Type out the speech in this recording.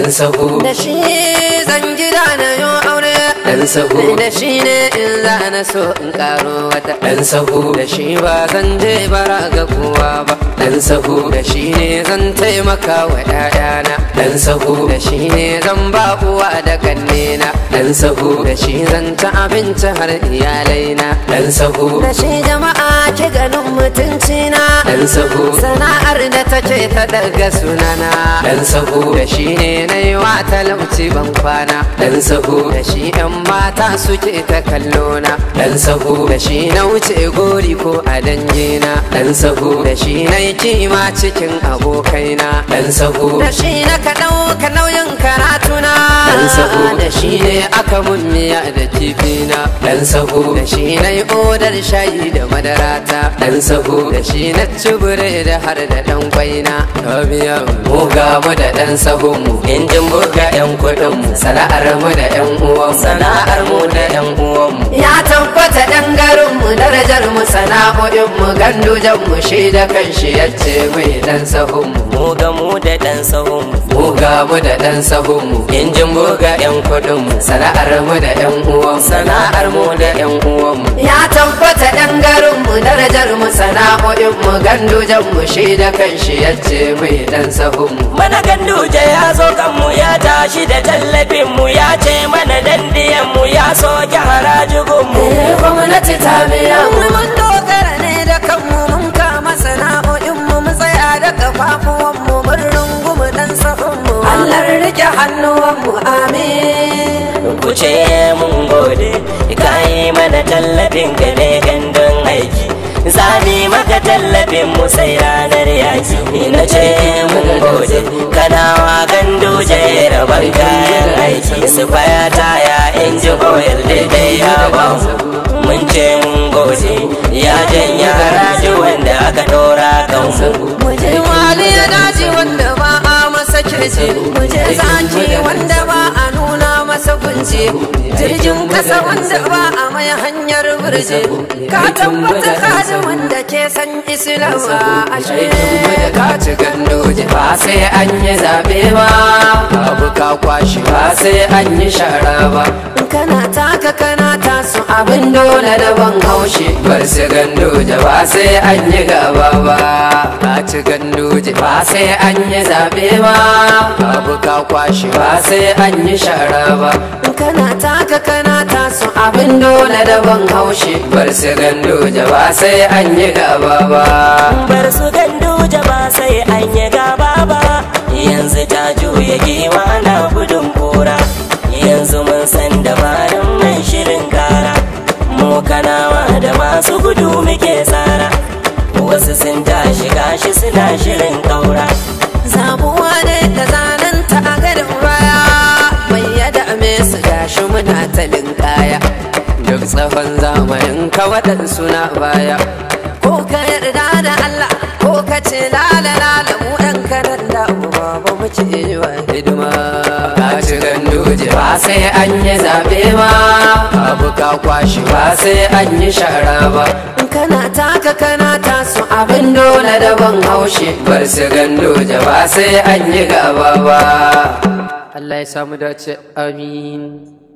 dan sahu da shi ɗan sahu da shi ne in za na so in karo wata dan sahu da shi ba zan je bara ga kowa ba dan sahu da shi ne zan taimaka wa ƴaƴana dan sahu da shi ne zan ba uwa da kannena dan sahu da shi zan ta abinci har iyalaina dan sahu da shi jama'a ki ganin mutuncina dan sahu sana'ar da take ta daga sunana dan sahu da shi ne na yi wa talauci ban kwana dan sahu da shi 'yan ma mata suke ta kallona dan sahu da shi na wuce gori ko a dangina dan sahu da shi na kima cikin abokaina dan sahu da shi na ka nauyin karatuna dan sahu da shi ne aka mun miya da kifi na dan sahu da shi na yi odar shayi da madara ta dan sahu da shi na cibire da har da dan kwaina tabiya mu ga mu da dan sahu mu injin burga yan kudin mu sana'ar mu da yan uwan sana'ar mu da yan uwan mu ya tabbata dan gari darajar mu sana'o'in mu jan mu shi da kanshi yace mai dan sahun mu mu ga mu da dan sahun mu mu ga mu da dan sahun mu injin mu ga yan kudin mu sana'ar mu da yan uwan sana'ar mu da yan uwan mu ya tabbata dan garin mu darajar mu sana'o'in mu jan mu shi da kanshi yace mai dan sahun mu mana ganduje ya zo kan mu ya shi da tallafinmu ya ce mana dandiyanmu ya soke harajigunmu eh, gwamnati ta biya mun dogara ne da kanmu mun kama sana'o'inmu mu tsaya da kafafuwanmu mun rungumu dan sahunmu Allah rike hannuwanmu amin ku ce mun gode ka yi mana tallafin ka ne gandun aiki zami maka tallafin mu sai ranar yaki na ce mun gode kanawa gandoje bar kayan aiki su faya taya inji oil daidai ya ba mun ce mun goce ya janya haraji wanda aka dora kan mu wali ya daji wanda ba a masa kirce mu zanci wanda ba a masa kunce jirgin kasa wanda ba a mai hanyar burje ka tabbata ka da wanda ke san islama ashe ka ci gandoji ba sai an yi zabe ba abu ka kwashi ba sai an yi shara ba kana taka abin dole da ban haushi bar su da ba sai an yi gaba ba ba ci da ba sai an yi zaɓe ba abu ka kwashi ba sai an yi shara ba kana taka kana taso abin dole da ban haushi bar su da ba sai an yi gaba ba bar su da ba sai an yi gaba ba yanzu ta juye giwa na gudun shi suna shirin ƙaura zabuwa ne da zananta a garin baya mai yada me su gashi muna talin kaya duk tsawon zamanin ka waɗansu na baya ko ka yarda da Allah ko ka ce lalala ba sai an yi zaɓe ba abu ka kwashi ba sai an yi shara ba kana taka kana taso abin dole da ban haushe bar su gando ja ba sai an yi gaba ba Allah ya samu amin